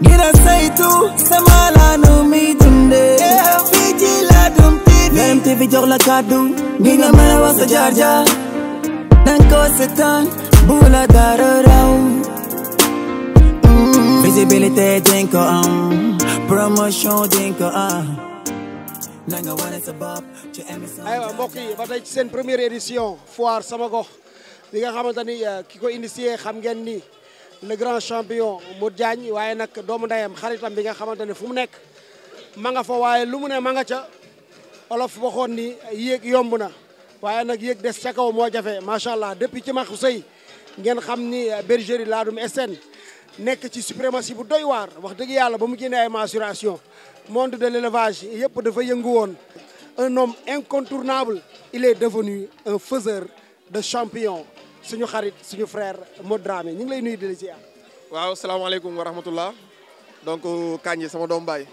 ngir a sama laanu mi dundee. fii ci Ladoum TV. Ladoum TV jox la kàddu. ngir nga mën a wax sa jaar jaar. dara raw. Mm-hmm. visibilité dinga ko promotion dinga ko nanga wane sa ci émission. aywa mbokk yi ci seen première édition foire sama gox bi nga xamante ni eh, ki ko initié xam ngeen ni. le grand champion Modou Diagne waaye nag doomu ndeyam xaritam bi nga xamante ne fu mu nekk ma nga fa waaye lu mu ne ma nga ca olof waxoon ni yéeg yomb na waaye nag yéeg des ca kaw moo jafe macha allah depuis ci maxu sëy ngeen xam ni euh, bergerie Ladoum SN nekk ci suprématie bu doy waar wax dëgg yàlla ba mu génnee ay mensuration monde de l'élevage yëpp dafa yëngu woon un homme incontournable il est devenu un faiseur de champion suñu xarit suñu frère moo Dramé ñu ngi lay nuyu di la waaw salaamaaleykum wa rahmatullah donc euh, Kandji sama doom baay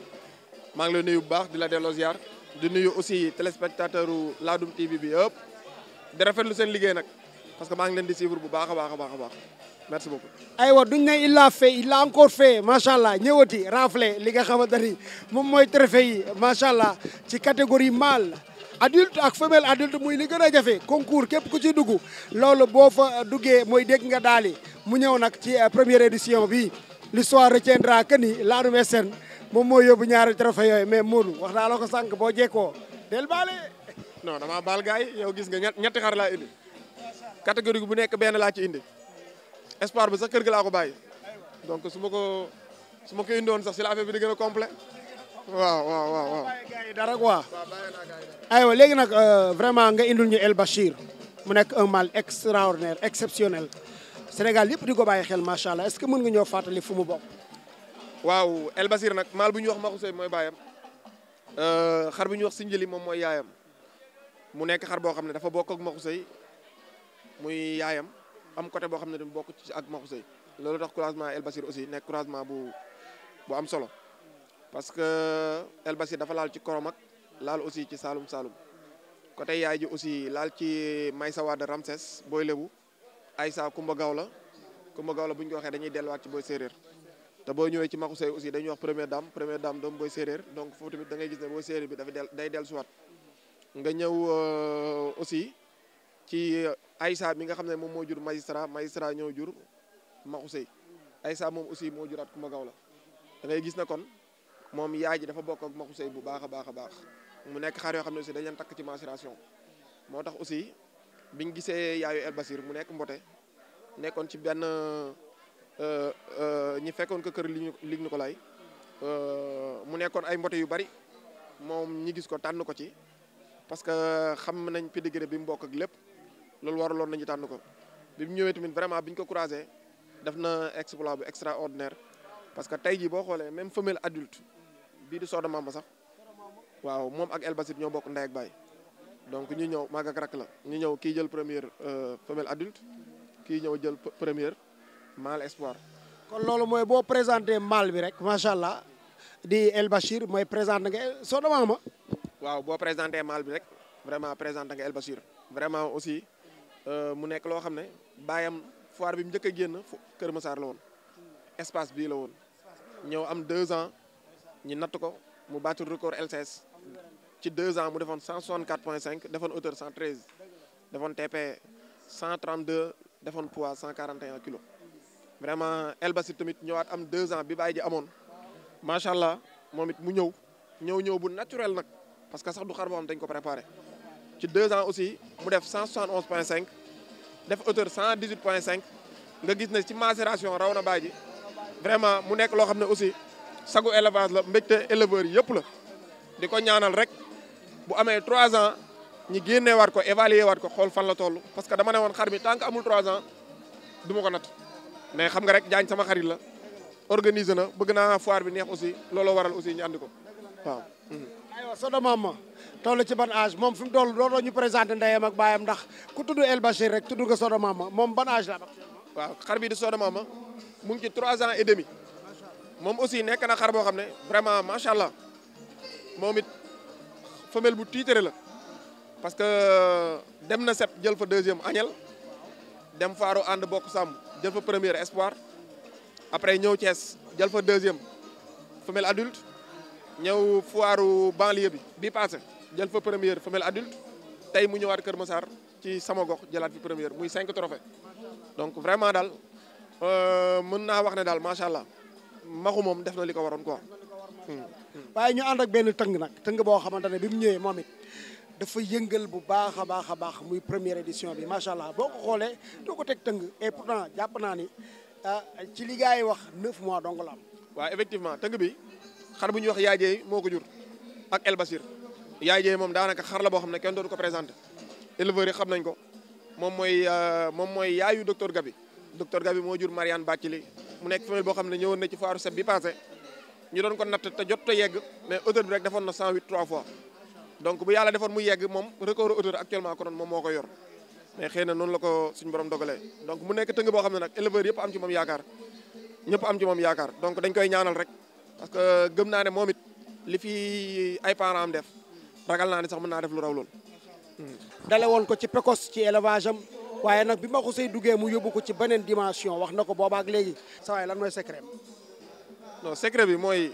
maa ngi lay nuyu bu baax di la delloo ziar di nuyu aussi téléspectateur Ladoum TV bi yëpp di rafetlu seen liggéey nag parce que maa ngi leen di suivre bu baax a baax a baax a baax merci beaucoup. aywa duñ ne il a fait il a encore fait macha allah ñëwati rafle li nga xamante ni moom mooy trophée yi macha allah ci catégorie mâle. adulte ak femelle adulte muy li gën a jafe concours képp ku ci dugg la boo fa duggee mooy dégg nga daali mu ñëw nag ci euh, première édition bi l'histoire retiendra que ni Ladoum SN moom moo yóbbu ñaari trophée yooyu mais Modou wax naa la ko sànq boo jekkoo del baale non dama baal gars yi gis nga ñetti xar laa indi catégorie bu nekk benn laa ci indi espoir bi sax kër gi laa ko bàyyi donc su ma ko su ma ko sax si la affaire bi di gën a complet waaw waaw waaw dara quoi aywa léegi nag euh, vraiment nga indul ñu El mu nekk un mal extraordinaire exceptionnel Sénégal yëpp di ko bàyyi xel macha allah est-ce que mën nga ñoo fàttali fu mu bokk. waaw El nag mâle bu ñuy wax Maxu mooy baayam euh, xar bu ñuy wax Sinjili moom mooy yaayam mu nekk xar boo xam ne dafa bokk ak Maxu Sey muy yaayam am côté boo xam ne dañu bokk ci ak Maxu Sey loolu tax croisement El Bachir aussi nekk croisement bu bu am solo. parce que Elbasi dafa laal ci Koromak laal aussi ci Saalum Saalum côté yaay ji aussi laal ci Maysa Wade Ramses booy lebu Aysa Kumba Gawla Kumba Gawla bu ñu waxee dañuy delluwaat ci booy séeréer te boo ñëwee ci Makusey aussi dañuy wax première dame première dame doom booy séeréer donc foofu tamit da ngay gis ne booy séeréer bi dafa del day dellusiwaat nga ñëw euh, aussi ci Aysa mi nga xam ne moom moo jur magistrat magistrat ñëw jur Makusey Aysa moom aussi moo juraat Kumba Gawla moom yaay ji dafa bokk ak maxu bu baax a baax a baax mu nekk xaar yoo xam ne aussi dañ leen takk ci mensuration moo tax aussi biñ gisee yaayu El Basir mu nekk mbote nekkoon ci benn euh, euh, ñi fekkoon ko kër lig ni ko lay euh, mu nekkoon ay mbote yu bari moom ñi gis ko tànn ko ci parce que xam nañ pedigree bi mu bokk lépp loolu waraloon nañu tànn ko bi mu ñëwee tamit vraiment bi ñu ko croisé def na exploit bu extraordinaire parce que tey jii boo xoolee même femelle bii di Soda Mamba sax waaw moom ak El ñoo bokk ndey baay donc ñu ñëw mag ak la ñu ñëw kii jël première euh, femelle adulte kii ñëw jël première mâle espoir. kon loolu mooy boo présenté maal bi rek macha allah di El Bachir mooy présenté nga Soda Mamba. waaw boo présenté mâle bi rek vraiment présenté nga El Bachir vraiment aussi euh, mu nekk loo xam ne baayam foire bi mu njëkk a génn Kër Massar la woon espace bii la woon ñëw am ans. ñi natt ko mu battre record LCS ci deux ans mu defoon 164.5 defoon hauteur 113 defoon TP 132 defoon poids 141 kilos vraiment El Basir tamit ñëwaat am deux ans bi baay ji amoon macha allah moom it mu ñëw ñëw ñëw bu naturel nag parce que sax du xar boo xam dañ ko préparé ci deux ans aussi mu def 171.5 def cent point 118.5 nga gis ne ci masération raw na bàyyi ji vraiment mu nekk loo xam ne aussi. sagu élevage la mbégte éleveurs yëpp la di ko ñaanal rek bu amee trois ans ñi génneewaat ko évaluer waat ko xool fan la toll parce que dama ne woon xar mi tant que amul trois ans du ko nat mais xam nga rek jaañ sama xarit la organiser na bëgg naa foire bi neex aussi looloo waral aussi ñu andi ko waaw. Mmh. aywa Soda Mama toll ci ban âge moom fi mu toll looloo ñu présenté ndeyam ak baayam ndax ku tudd El Bachir rek moom ban âge la. waaw xar bi di Soda Mama mu ngi ci trois ans et demi. moom aussi nekk na xar boo xam ne vraiment macha allah moom it femelle bu tiitere la parce que euh, dem na sept jël fa deuxième agnel dem faaru ànd bokk sàmm jël fa premier espoir après ñëw Thiès jël fa deuxième femelle adulte ñëw foiru banlieue bi bi passé jël fa première femelle adulte tey mu ñëwaat Kër Massar ci sama gox jëlaat fi première muy cinq trophées donc vraiment daal euh, mën naa wax ne daal macha allah. maxu moom def na li ko waroon ko war hmm. hmm. waaye ñu ànd ak benn tëng nag tëng boo xamante ne bi mu ñëwee moom it dafa yëngal bu baax a baax a baax muy première édition bi macha allah boo ko xoolee doo ko teg tëng et pourtant jàpp naa ni ah, ci li gars yi wax neuf mois dong la waa waaw effectivement tëng bi xar bu ñuy wax yaajee moo ko jur ak El Basir yaajee moom daanaka xar la boo xam ne kenn doonu ko présenté éleveurs yi xam nañ ko moom mooy euh, moom mooy yaayu docteur Gabi docteur Gabi moo jur Marianne Bathily mu nekk femelle boo xam ne ñëwoon na ci foiru seb bi passé ñu doon ko natt te jot te yegg mais hauteur bi rek defoon na 108 trois fois donc bu yàlla defoon mu yegg moom record hauteur actuellement konoon moom moo ko yor mais xëy na noonu la ko suñu borom donc mu nekk tëng boo xam ne nag éleveur yëpp am ci moom yaakaar ñëpp am ci moom yaakaar donc dañ koy ñaanal rek parce que gëm naa ne moom it li fi ay parents am def ragal naa ne sax mën naa def lu raw lool. Hmm. waaye nag bi ma ko duggee mu yóbbu ko ci beneen dimension wax na ko boobaak léegi sa waay lan mooy secret non secret bi mooy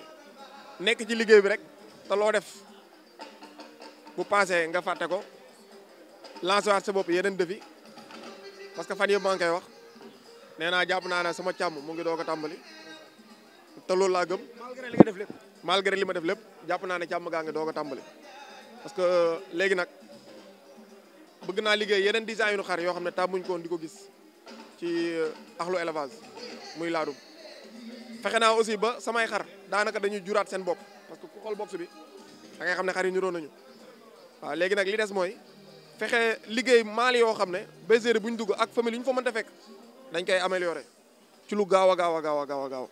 nekk ci liggéey bi rek te loo def bu passé nga fàtte ko lancé waat sa bopp yeneen defi parce que fan yëpp maa ngi koy wax nee naa jàpp naa ne sama càmm mu ngi doog a tàmbali te loolu laa gëm. malgré li ma def lépp jàpp naa ne càmm gaa ngi doog a tàmbali parce que léegi nag. bëgg naa liggéey yeneen design yu xar yoo xam ne tàmmuñ ko di ko gis ci euh, axlu élevage muy laadum fexe naa aussi ba samay xar daanaka dañuy juraat seen bopp parce que ku bopp box bi da ngay xam ne xar yi ñu nañu waaw léegi nag li des mooy fexe liggéey maal yoo xam ne bergerie bu ñu dugg ak famille yu ñu fa mën a fekk dañ koy améliorer ci lu gaaw a gaaw a gaaw a gaaw gaaw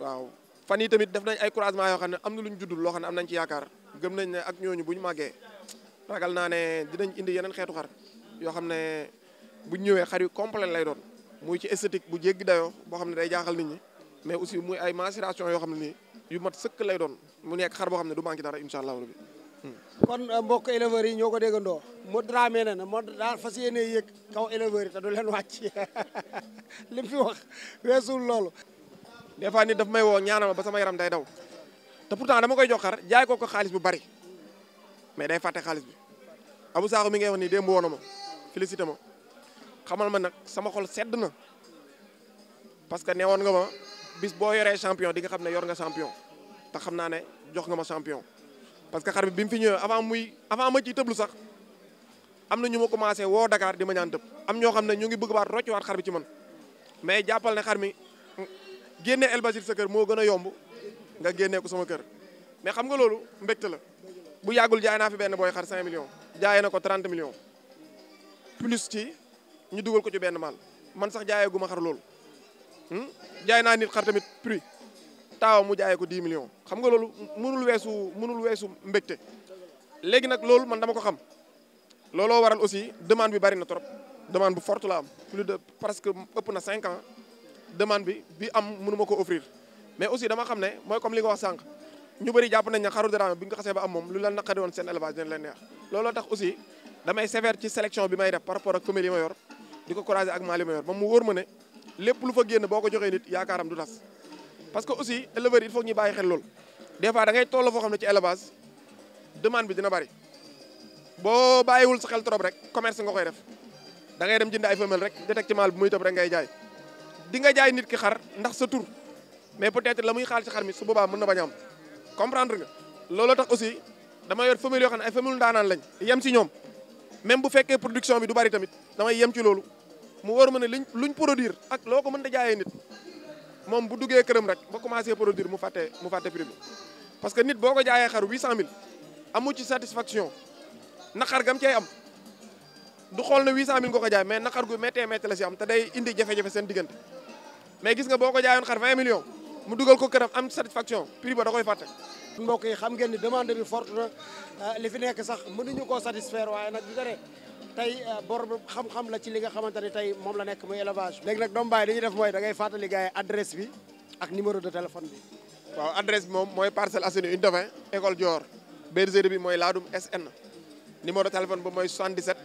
waaw fan yi tamit def nañ ay croisement yoo xam ne am na lu ñu juddul xam ne am nañ ci yaakaar gëm nañ ne ak ñooñu bu ñu màggee ragal naa ne dinañ indi yeneen xeetu xar yoo xam ne bu ñëwee xar yu complet lay doon muy ci esthétique bu jéggi dayoo boo xam ne day jaaxal nit ñi mais aussi muy ay macération yoo xam ne nii yu mat sëkk lay doon mu nekk xar boo xam ne du manqué dara incha allah rabbi hmm. kon euh, mbokk éleveurs yi ñoo ko déggandoo moo Dramé ne na Modou daal fas yéene yëg kaw éleveurs yi te du leen wàcc li mu fi wax weesul loolu des fois nit daf may woo ñaanama ba sama yaram day daw te pourtant dama koy jox xar jaay ko xaalis bu bari mais day fàtte xaalis bi amu Sakho mi nga wax nii démb woon na ma félicité ma xamal ma nag sama xol sedd na parce que ne woon nga ma bis boo yoree champion di nga xam ne yor nga champion te xam naa ne jox nga ma champion parce que xar bi bi mu fi ñëwee avant muy avant ma ciy lu sax am na ñu ma commencé woo Dakar di ma ñaan tëb am ñoo xam ne ñu ngi bëgg baat rocc waat xar bi ci man mais jàppal ne xar mi génne El Basir sa kër moo gën a yomb nga génnee ko sama kër mais xam nga loolu mbégte la bu yàggul jaay naa fi benn booy xar 5 millions jaay na ko 30 millions plus ci ñu dugal ko ci benn maal man sax jaayee gu ma xar loolu hmm? jaay naa nit xar tamit prix taaw mu jaayee ko 10 millions xam nga loolu mënul weesu mënul weesu mbégte léegi nag loolu man dama ko xam looloo waral aussi demande bi bari na trop demande bu forte la am plus de presque ëpp na cinq ans demande bi bi am mënuma ko offrir mais aussi dama xam ne mooy comme li nga wax sànq. ñu bëri jàpp nañ ne xaru Dramé bu ñu ko xasee ba am moom lu la naqari woon seen élevage dina leen neex looloo tax aussi damay sévère ci sélection bi may def par rapport ak femelle yi ma di ko croiser ak mâle yi ma mu wóor ma ne lépp lu fa génn boo ko joxee nit yaakaaram du tas parce que aussi éleveurs yi il faut ñu bàyyi xel lool des fois da ngay toll foo xam ne ci élevage demande bi dina bëri boo bàyyiwul sa xel trop rek commerce nga koy def da ngay dem jënd ay femelle rek détecte mâle bi muy tëb rek ngay jaay di nga nit ki xar ndax sa tur mais peut-être la muy xaal ci xar mi su boobaa mën na bañ am comprendre nga loolu tax aussi dama yor famille yoo xam ne ay famille ndaanaan lañ yem ci ñoom même bu fekkee production bi du bari tamit damay yem ci loolu mu wóor ma ne liñ luñ produire ak loo ko mën da jaayee nit moom bu duggee këram rek ba commencé produire mu fàtte mu fàtte prix parce que nit boo ko jaayee xar 800000 amu ci satisfaction naqar gam cay am du xool ne 800000 nga ko jaay mais naqar gu méttee métti la si am te day indi jafe-jafe seen diggante mais boo ko jaayoon xar 20 millions mu dugal ko këram am satisfaction prix ba da koy fàtte. mbokk yi xam ngeen ni demande bi forte na euh, li fi nekk sax mënuñu koo satisfaire waaye nag du dara tey euh, bor xam-xam la ci li nga xamante ne tey moom la nekk muy élevage. léegi nag doomu baay li ñuy def mooy da ngay fàttali gars yi adresse bi ak numéro de téléphone bi. waaw adresse bi moom mooy Parcelles Assainies unité 20 école Dior bergerie bi mooy Ladoum SN numéro téléphone bi mooy 77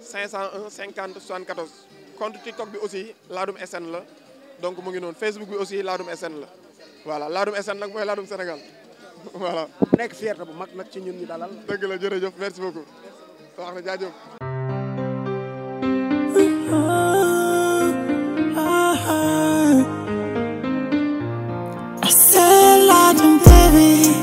501 50 74 compte TikTok bi aussi Ladoum SN la. donc mu ngi noonu Facebook bi aussi Ladoum SN la voilà Ladoum SN nag mooy Ladoum Sénégal voilà. nekk fierté bu mag nag ci ñun ñi dalal. dëgg la jërëjëf merci beaucoup. wax na jaajëf.